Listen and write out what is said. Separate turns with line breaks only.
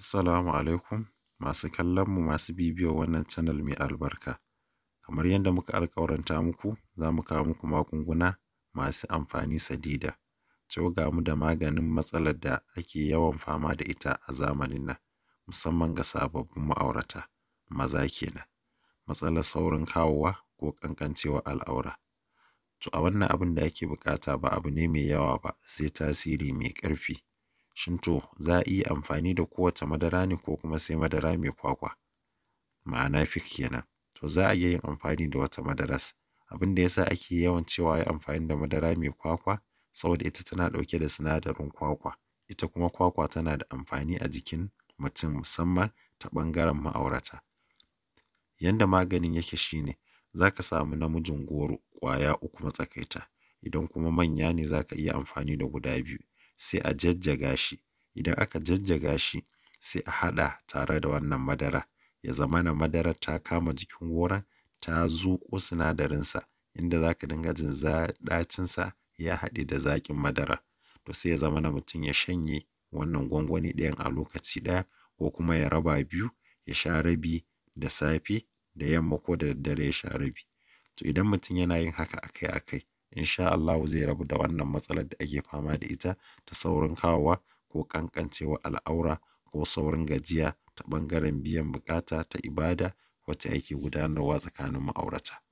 Assalamu alaikum masu kallon mu masu bibiyar wannan channel mai albarka. Kamar yadda muka alkawaranta muku za mu kawo muku magunguna masu amfani sadida. Cewa ga mu da maganin matsalar da ake yawan fama da ita a zamanin nan musamman ga sababbin ma'aurata maza kenan. Matsalar saurin kawowa ko ƙanƙancewa al'aura. To a wannan abin da ake buƙata ba abu ne mai yawa ba sai tasiri mai ƙarfi. Shin to za a iya amfani da kowace madara ne ko kuma sai madara mai kwakwa? Ma'ana fik kenan. To za a iya yin amfani da wata madaras. Abin da yasa ake yawan cewa yi amfani da madara mai kwakwa saboda ita tana ɗauke da sinadarin kwakwa. Ita kuma kwakwa tana da amfani a jikin mutum musamman ta ɓangaren ma'aurata. Yanda maganin yake shine za ka samu namijin goro kwaya uku matsakaita. Idan kuma manya ne za ka iya amfani da guda biyu. sai a jajjaga shi idan aka jajjaga shi sai a haɗa tare da wannan madara ya zamana madara ta kama jikin goron ta zuƙo sinadarinsa inda za ka dinga jin ɗacinsa ya haɗe da zaƙin madara to sai ya zamana mutum ya shanye wannan gwangwani ɗayan a lokaci ɗaya ko kuma ya raba biyu ya sha rabi da safe da yamma ko da daddare ya sha rabi to idan mutum yana yin haka akai-akai insha Allahu zai rabu da wannan matsalar da ake fama da ita ta saurin kawowa ko kankancewa al'aura ko saurin gajiya ta ɓangaren biyan buƙata ta ibada wacce ake gudanarwa tsakanin ma'aurata.